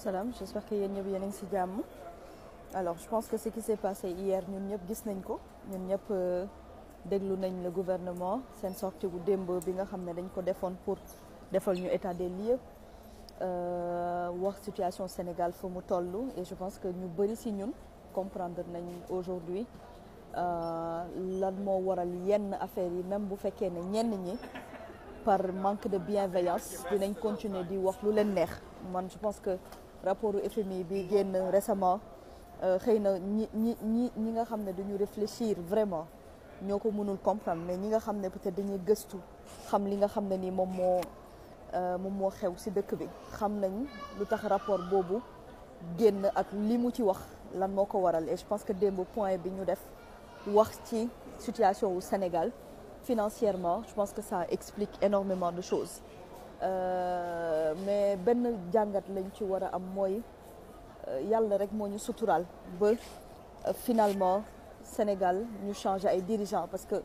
salaam j'espère que yéen ñëpp yéen a ngi si jàmm alors je pense que ce qui s'est passé hier ñun ñëpp gis nañ ko ñun ñëpp euh, déglu nañ le gouvernement seen sortie bu démb bi nga xam ne dañ ko defoon pour defal ñu état des lieux euh, wax situation Sénégal fu mu toll et je pense que ñu bëri si ñun comprendre nañ aujourd'hui euh, lan moo waral yenn affaire yi même bu fekkee ne ñenn ñi par manque de bienveillance dinañ continuer di wax lu leen neex man je pense que rapport FMI bi génn récemment euh, xëy na ñi ñi ñi ñi nga xam ne duñu réfléchir vraiment ñoo ko mënul comprendre mais ñi nga xam ne peut-être dañuy gëstu xam li nga xam ne nii moom moo euh, moom moo xew si dëkk bi xam nañ lu tax rapport boobu génn ak li mu ci wax lan moo ko waral et je pense que démb point bi ñu def wax ci situation wu Sénégal financièrement je pense que ça explique énormément de choses Euh, mais benn jàngat lañ ci war a am mooy euh, yàlla rek moo ñu suturaal ba euh, finalement Sénégal ñu changé ay dirigeants parce que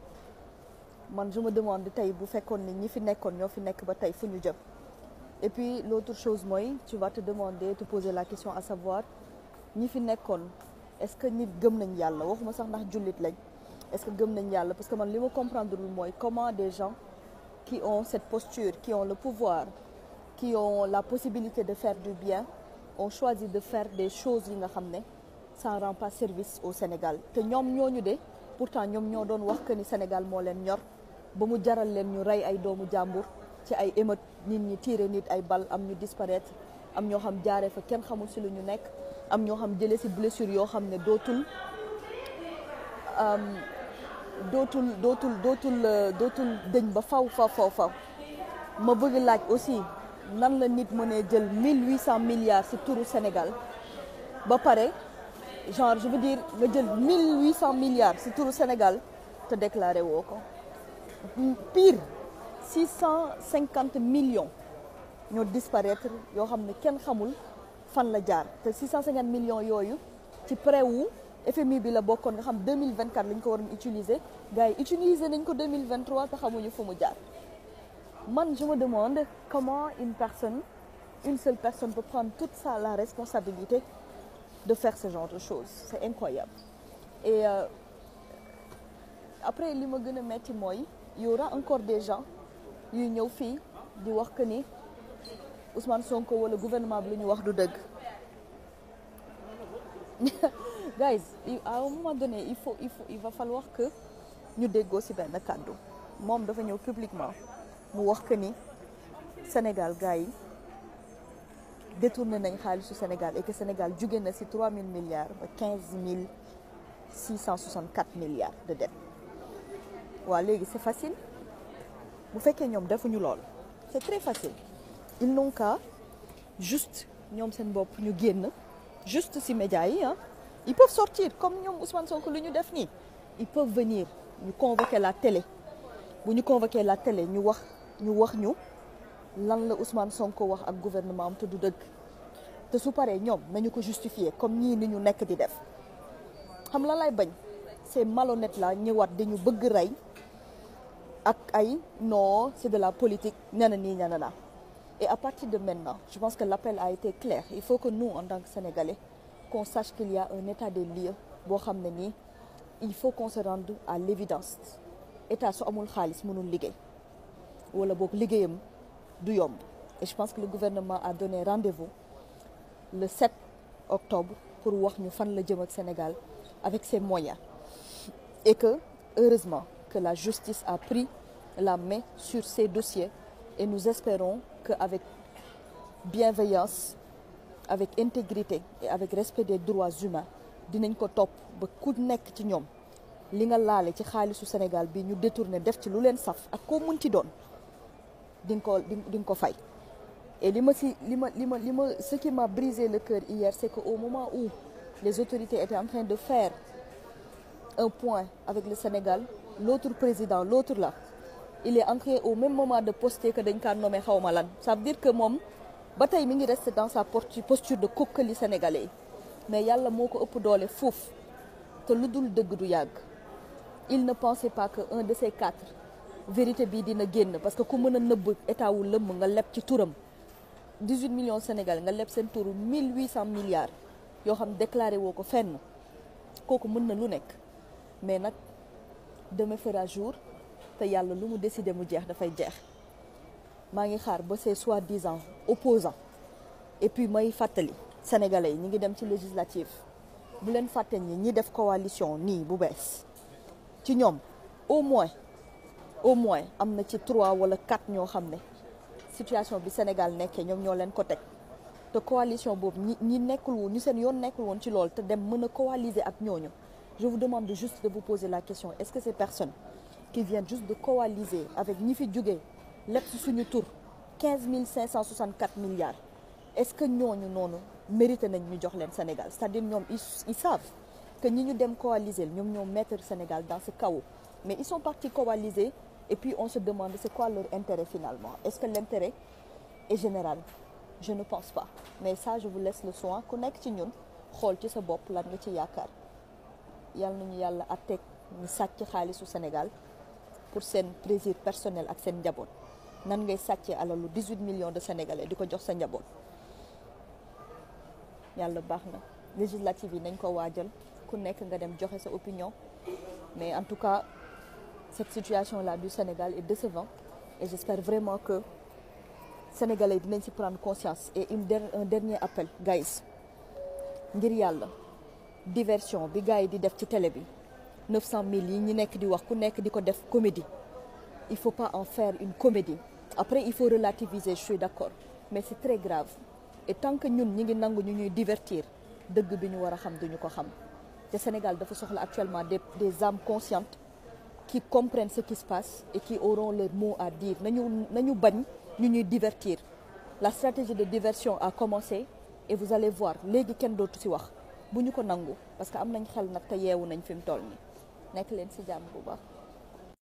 man je me demande tey bu fekkoon ni ñi fi nekkoon ñoo fi nekk ba tey fu ñu jëm et puis l'autre chose mooy tu vas te demander te poser la question à savoir ñi fi nekkoon est-ce que nit gëm nañ yàlla waxuma sax ndax jullit lañ est-ce que gëm nañ yàlla parce que man li ma comprendre lul mooy comment des gens qui ont cette posture, qui ont le pouvoir, qui ont la possibilité de faire du bien, on choisir de faire des choses yi nga xam ne ça rend pas service au Sénégal te ñoom ñooñu de pourtant ñoom ñoo doon wax que ni Sénégal moo leen ñor ba mu jaral leen ñu rey ay doomu jàmbur ci ay émeute nit ñi tiire nit ay bal am ñu disparaître am ñoo xam jaare fa kenn xamul si lu ñu nekk am ñoo xam jëlee si blessure yoo xam ne dootul. dootul dootul dootul euh, dootul dëñ ba faw faw faw ma bëgg laaj aussi nan la nit mënee jël mille huit cent milliards si turu Sénégal ba pare genre je veux dire nga jël mille huit cent milliards ci turu Sénégal te déclaré woo ko pire six cent cinquante millions ñoo disparaître yoo xam ne kenn xamul fan la jaar te six cent cinquante millions yooyu ci prêt FMI bi la bokkoon nga xam 2024 lañ ko waroon utiliser gars yi utiliser nañ ko 2023 te xamuñu fu mu jaar man je me demande comment une personne une seule personne peut prendre toute ça la responsabilité de faire ce genre de choses c'est incroyable et euh, après li ma gën a metti mooy y aura encore des gens yuy ñëw fii di wax que ni Ousmane Sonko wala gouvernement bi lu ñu wax du dëgg guys à un moment donné il faut il faut que ñu déggoo ci benn kàddu moom dafa ñëw publiquement mu wax que ni Sénégal gars yi détourné nañ xaalisu Sénégal et que Sénégal jóge na ci 3000 milliards ba 15000 664 milliards de dettes waaw léegi c'est facile bu fekkee ñoom defuñu lool c'est très facile ils n'ont qu'à juste ñoom seen bopp ñu génn juste ci médias yi ils peuvent sortir comme ñoom Ousmane Sonko lu ñu def nii ils peuvent venir ñu convoquer la télé bu ñu convoquer la télé ñu wax ñu wax ñu lan la Ousmane Sonko wax ak gouvernement am te du dëgg te su paree ñoom nañu ko justifier comme ñii ni ñu nekk di def xam la lay bañ ces malhonnêtes là ñëwaat dañu bëgg rey ak ay non c'est de la politique nana nii nana naa et à partir de maintenant je pense que l'appel a été clair il faut que nous en tant que Sénégalais qu'on sache qu'il y a un état des lieux boo xam ne nii il faut qu'on se rende à l'évidence état su amul xaalis mënul liggéey wala boog liggéeyam du yomb et je pense que le gouvernement a donné rendez-vous le 7 octobre pour wax ñu fan la jëm ak Sénégal avec ses moyens et que heureusement que la justice a pris la main sur ces dossiers et nous espérons que avec bienveillance avec intégrité et avec respect des droits humains dinañ ko topp ba ku nekk ci ñoom li nga laale ci xaalisu Sénégal bi ñu détourné def ci lu leen saf ak koo mën ci doon di nga ko di nga ko fay et li ma si li ma li ma li ma ce qui m'a brisé le cœur hier c'est que au moment où les autorités étaient en train de faire un point avec le Sénégal l'autre président l'autre là il est entré au même moment de poster que dañ kaa nommé xawma lan ça veut dire que moom ba tey mi ngi resté dans sa posture de kokkali sénégalais yi mais yàlla moo ko ëpp doole foofu te lu dul dëgg du yàgg il ne pensait pas que un de ces quatre vérité bi dina génn parce que ku mën a nëbb état wu lëmm nga leb ci turam 18 millions sénégalais nga leb seen turu 1800 milliards yoo xam déclaré woo ko fenn kooku mën na lu nekk mais nag demain fera jour te yàlla lu mu décider mu jeex dafay jeex maa ngi xaar ba ces soi-disant opposants et puis may fàttali sénégalais yi ñu ngi dem ci législative bu leen fàtte ñi ñi def coalition nii bu bees ci ñoom au moins au moins am na ci trois wala quatre ñoo xam ne situation bi Sénégal nekkee ñoom ñoo leen ko teg te coalition boobu ñi ñi nekkul woon ñu seen yoon nekkul woon ci loolu te dem mën a coaliser ak ñooñu je vous demande juste de vous poser la question est-ce que ces personnes qui viennent juste de coaliser fi jógee lépp suñu tur quinze mille cinq cent soixante quatre milliards est-ce que ñooñu noonu mérité nañ ñu jox leen Sénégal c'est-à-dire ñoom ils savent que ñi ñu dem coaliser ñoom ñoo mettre Sénégal dans ce chaos mais ils sont partis coaliser et puis on se demande c'est quoi leur intérêt finalement est-ce que l'intérêt est général je ne pense pas mais ça je vous laisse le soin ku nekk ci ñun xool ci sa bopp lan nga ci yaakaar yàlla nañu yàlla àtteeg ñu sàcc xaalisu Sénégal pour seen plaisir personnel ak seen njaboot. nan ngay sàccee alalu 18 millions de sénégalais di ko jox sa njaboot yàlla baax na législative yi nañ ko waajal ku nekk nga dem joxe sa opinion mais en tout cas cette situation la du Sénégal et décevante et j'espère vraiment que sénégalais dinañ si prendre conscience et une un dernier appel guys ngir yàlla diversion bi gars yi di def ci télé bi 900000 yi ñu nekk di wax ku nekk di ko def comédie il faut pas en faire une comédie après il faut relativiser je suis d'accord mais c'est très grave et tant que ñun ñi ngi nangu ñu ñuy divertir dëgg bi ñu war a xam duñu ko xam te Sénégal dafa soxla actuellement des des âmes conscientes qui comprennent ce qui se passe et qui auront leur mot à dire nañu nañu bañ ñu ñuy divertir la stratégie de diversion a commencé et vous allez voir léegi kenn dootu ci wax bu ñu ko nangu parce que am nañ xel nag te yeewu nañ fi mu toll nii nekk leen si jàmm bu